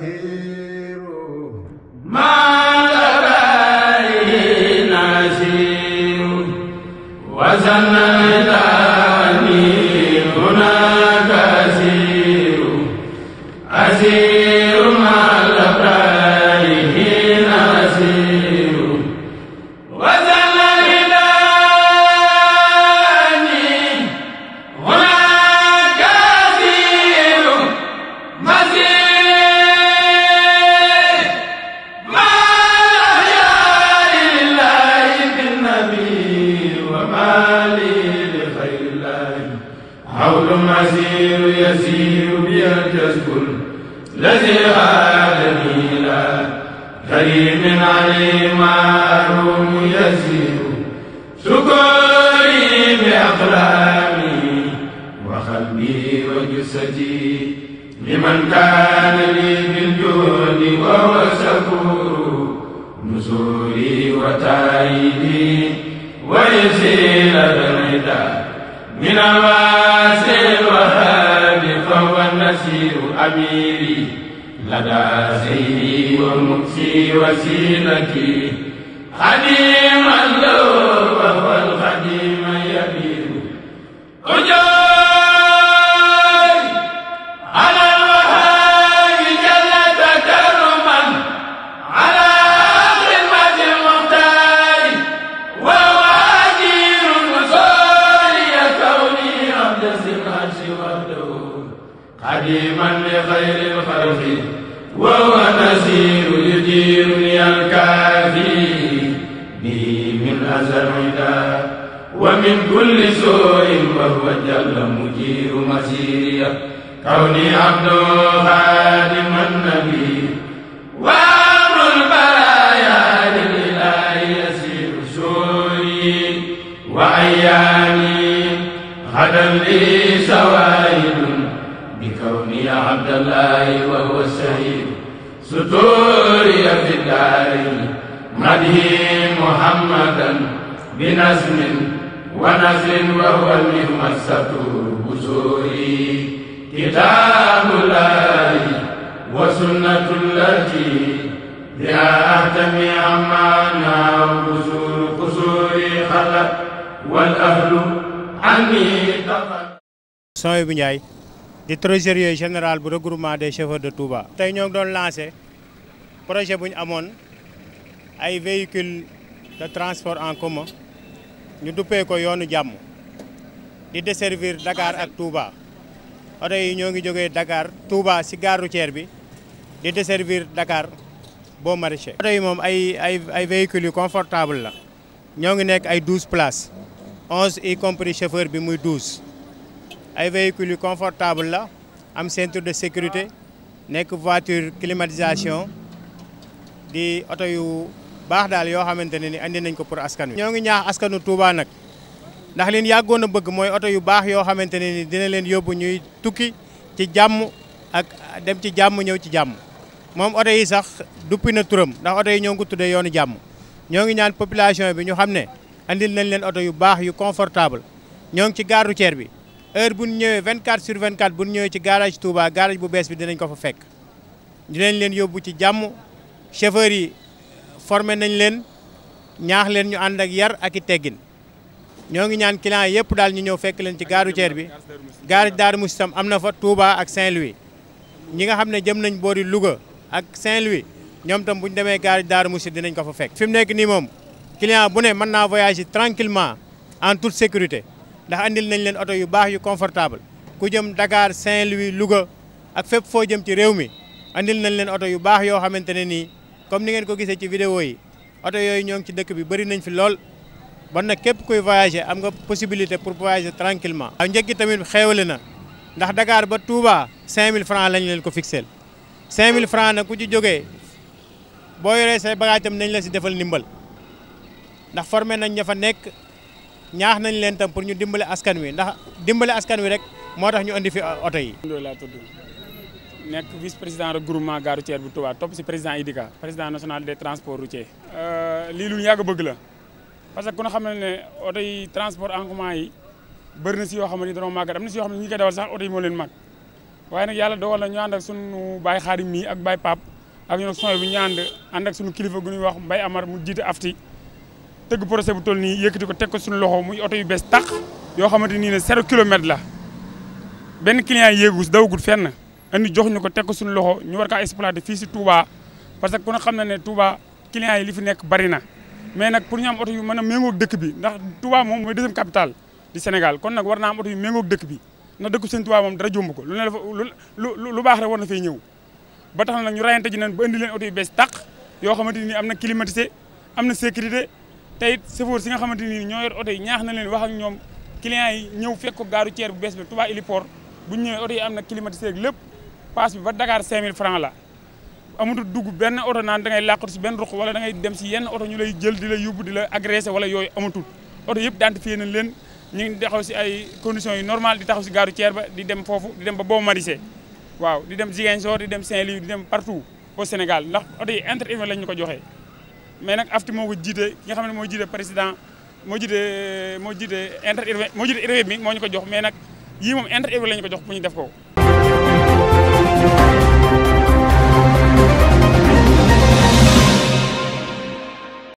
se عسير يسير بي الجسد الذي غادني لا كريم علي معلوم يسير سكري بأقلامي وقلبي وجسدي لمن كان لي بالجود وهو شكور نزولي وتأييدي ويسير الرداء من الواسع الوهاب فهو النسير أميري لدى سيدي ومكسي وسيلتي خديما له وهو الخديم يبير أجاب قديما لخير الخلق وهو نسير يديرني الكافي به من أزل عدا ومن كل سوء وهو جل مجير مسيري كوني عبد خادم النبي وأمر البرايا للإله يسير سوري وأيامي عدم لي سوائد بكوني عبد الله وهو السيد ستوري في الدارين مدهي محمدا بنزم ونزل وهو المهمسة بسوري كتاب الله وسنة التي بها أهتمي عمانا وقصور قصور خلق والأهل sooy bu Ndiaye di trésorier général bu regroupement des chauffeurs de Touba. tey ñoo ngi doon lancé projet bu ñu amoon ay véhicules de transport en commun ñu duppee ko yoonu jàmm di desservir Dakar ak Touba oto yi ñoo ngi jógee Dakar Touba si gare routière bi di desservir Dakar boo maraîcher. oto yi moom ay ay ay véhicules yu confortable la ñoo ngi nekk ay douze places. onze y compris chauffeur bi muy douze ay véhicules yu confortable la am ceinture de sécurité nekk voiture climatisation di oto yu baax daal yoo xamante ne ni andi nañ ko pour askan wi. ñoo ngi ñaax askanu Touba nag ndax leen yàggoon na bëgg mooy oto yu baax yoo xamante ne ni dina leen yóbbu ñuy tukki ci jàmm ak dem ci jàmm ñëw ci jàmm moom oto yi sax duppi na turam ndax oto yi ñoo ngi ko tuddee yoonu jàmm ñoo ngi ñaan population bi ñu xam ne. andil nañ leen oto yu baax yu confortable ñoo ngi ci gare routière bi heure bu ñu ñëwee 24 sur 24 bu ñu ñëwee ci garage Touba garage bu bees bi dinañ ko fa fekk. dinañ leen yóbbu ci jàmm chauffeur yi formé nañ leen ñaax leen ñu ànd ak yar ak i teggin ñoo ngi ñaan client yëpp daal ñu ñëw fekk leen ci gare routière bi garage Darou Mousty tam am na fa Touba ak Saint-Louis ñi nga xam ne jëm nañ boori Louga ak Saint-Louis ñoom tam bu ñu demee garage Darou Mousty dinañ ko fa fekk. fi mu nekk nii moom. client bu ne mën naa voyager tranquillement en toute sécurité ndax andil nañ leen oto yu baax yu confortable ku jëm Dakar Saint-Louis Louga ak fépp foo jëm ci réew mi andil nañ leen oto yu baax yoo xamante ne nii comme ni ngeen ko gisee ci vidéo yi oto yooyu ñoo ngi ci dëkk bi bëri nañ fi lool bon na képp kuy voyager am nga possibilité pour voyager tranquillement waaw njëg gi tamit xeewale na ndax Dakar ba Touba 5000 francs lañ leen ko fixeel 5000 francs nag ku ci jógee boo yoree say nañ la si defal ndimbal ndax formé nañ ña fa nekk ñaax nañ leen tam pour ñu dimbale askan wi ndax dimbale askan wi rek moo tax ñu indi fi uh, oto yi. laa tudd nekk vice président regroupement gare routière bu Touba topp si président IDICA président national des transports routiers. Euh, lii lu yàgg bëgg la parce que ku ñu xam ne oto yi transport yi bëri na si xam ne dañoo màggat am na si yoo xam ne ñi koy moo leen mag waaye nag yàlla dogal na ñu ànd ak sunu baay xaarim mi ak baay pap ak ñun ak sooy bu ñu ànd ak sunu kilifa gu ñuy wax Mbaye Amar mu jiite afti tëgg projet bu toll nii yëkkati ko teg ko suñu loxo muy oto yu bees tax yoo xamante nii ne zéro kilomètre la benn client yéegus dawagul fenn andi jox ñu ko teg ko suñu loxo ñu war kaa exploiter fii si Touba parce que ku xam na ne Touba client yi li fi nekk bari na mais nag pour ñu am oto yu mën a méngoog dëkk bi ndax Touba moom mooy deuxième capitale di Sénégal war naa am oto yu dëkk bi ndax dëkk seen Touba moom dara jomb ko lu ne dafa lu lu baax rek war na fay ñëw ba tax na nag ñu rayante ji nañ ba indi leen oto yu bees tàq yoo xamante ni am na climatisé am na sécurité tey it chauffeur si nga xamante ni ñoo yor oto yi ñaax na leen wax ak ñoom clients yi ñëw fekk ko gaaru ceer bu bees bi Touba Héliport bu ñëwee oto yi am na climatiseur lépp paas bi ba Dakar 5000 francs la amutu dugg benn oto naan dangay ngay làqatu si benn ruq wala da ngay dem si yenn oto ñu lay jël di la yóbbu di la agressé wala yooyu amatul oto yëpp identifié nañ leen ñu ngi taxaw si ay conditions yi normal di taxaw si gaaru ceer ba di dem foofu dem ba boo marisé waaw di dem Ziguinchor di dem Saint-Louis di dem partout au Sénégal ndax oto yi inter ñu ko joxee mais nag AFTU moo ko jiite ki nga xam ne moo jiite président moo jiite moo jiite inter moo jiite urée bi moo ñu ko jox mais nag yii moom inter urée la ñu ko jox pour ñu def ko.